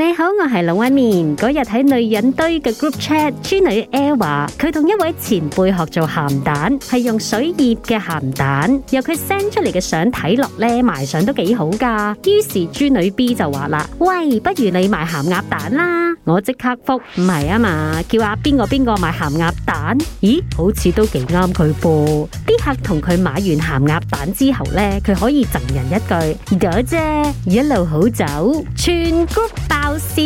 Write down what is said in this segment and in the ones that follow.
你好，我係龍紋敏。嗰日喺女人堆嘅 group chat，豬女 A 話佢同一位前輩學做鹹蛋，係用水醃嘅鹹蛋。由佢 send 出嚟嘅相睇落咧，賣相都幾好噶。於是豬女 B 就話啦：，喂，不如你賣鹹鴨蛋啦！我即刻複，唔係啊嘛，叫阿邊個邊個賣鹹鴨蛋？咦，好似都幾啱佢噃。啲客同佢買完鹹鴨蛋之後咧，佢可以贈人一句：，姐姐一路好走，全 group 爆。少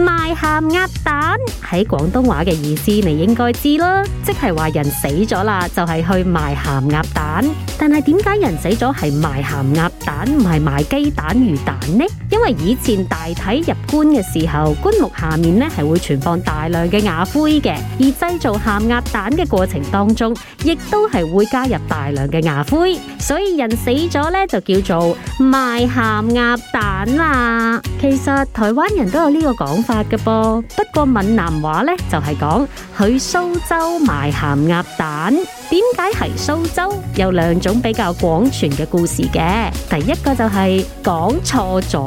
賣鹹鴨蛋喺廣東話嘅意思，你應該知啦，即係話人死咗啦，就係去賣鹹鴨蛋。但係點解人死咗係賣鹹鴨蛋，唔係賣雞蛋、魚蛋呢？因為以前大體入棺嘅時候，棺木下面咧係會存放大量嘅瓦灰嘅，而製造鹹鴨蛋嘅過程當中，亦都係會加入大量嘅瓦灰，所以人死咗咧就叫做賣鹹鴨蛋啦。其實台灣。班人都有呢個講法嘅噃，不過閩南話呢就係、是、講去蘇州賣鹹鴨蛋。點解係蘇州？有兩種比較廣傳嘅故事嘅，第一個就係講錯咗，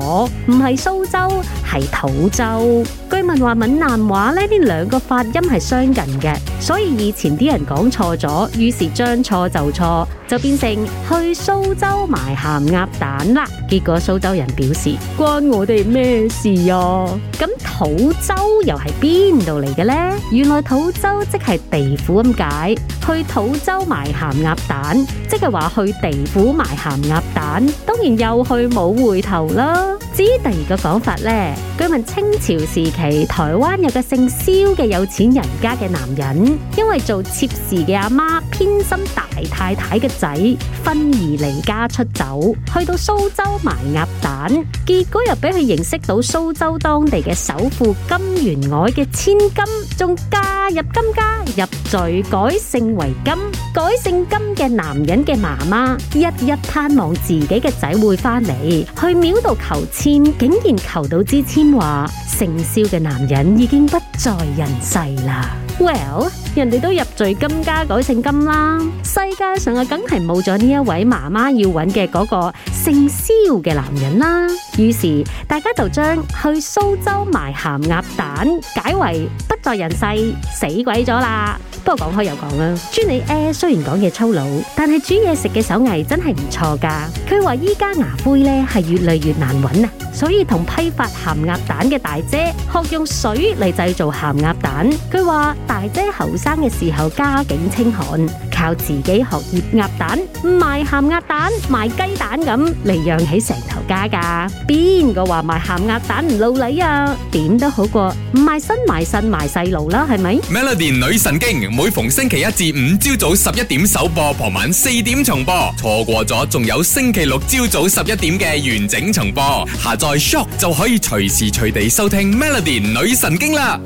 唔係蘇州。係土州，據聞話閩南話呢，呢兩個發音係相近嘅，所以以前啲人講錯咗，於是將錯就錯，就變成去蘇州賣鹹鴨蛋啦。結果蘇州人表示「關我哋咩事啊？咁土州又係邊度嚟嘅呢？」原來土州即係地府咁解。去土州賣鹹鴨蛋，即係話去地府賣鹹鴨蛋。當然又去冇回頭啦。至於第二個講法呢，據聞清朝時期台灣有個姓蕭嘅有錢人家嘅男人，因為做妾侍嘅阿媽偏心大太太嘅仔，憤而離家出走，去到蘇州賣鴨蛋，結果又俾佢認識到蘇州當地嘅首富金員外嘅千金。仲嫁入金家，入贅改姓為金，改姓金嘅男人嘅媽媽，日日盼望自己嘅仔會翻嚟，去廟度求簽，竟然求到支簽話，姓蕭嘅男人已經不在人世啦。Well。人哋都入贅金家改姓金啦，世界上啊梗係冇咗呢一位媽媽要揾嘅嗰個姓肖嘅男人啦。於是大家就將去蘇州賣鹹鴨蛋解為不在人世死鬼咗啦。不過講開又講啦，朱莉 A 雖然講嘢粗魯，但係煮嘢食嘅手藝真係唔錯㗎。佢話依家牙灰咧係越嚟越難揾啊。所以同批發咸鴨蛋嘅大姐學用水嚟製造咸鴨蛋。佢話大姐後生嘅時候家境清寒，靠自己學醃鴨蛋，賣咸鴨蛋、賣雞蛋咁嚟養起成頭家噶。邊個話賣咸鴨蛋唔老利啊？點都好過唔賣身賣腎賣細路啦，係咪？Melody 女神經，每逢星期一至五朝早十一點首播，傍晚四點重播。錯過咗仲有星期六朝早十一點嘅完整重播。下載。s h o c 就可以隨時隨地收聽 Melody 女神經啦！